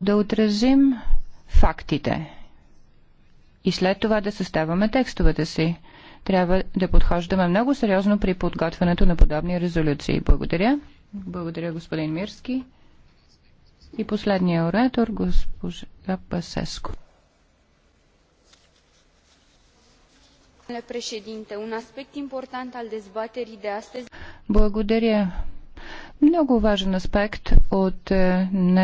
да отразим фактите и след това да съставаме текстовете си. Трябва да подхождаме много сериозно при подготвянето на подобни резолюции. Благодаря. Благодаря, господин Мирски. И последния оратор, госпожа Пасеско. un aspect important al dezbaterii de astăzi. Благодаря. Много важен аспект от е,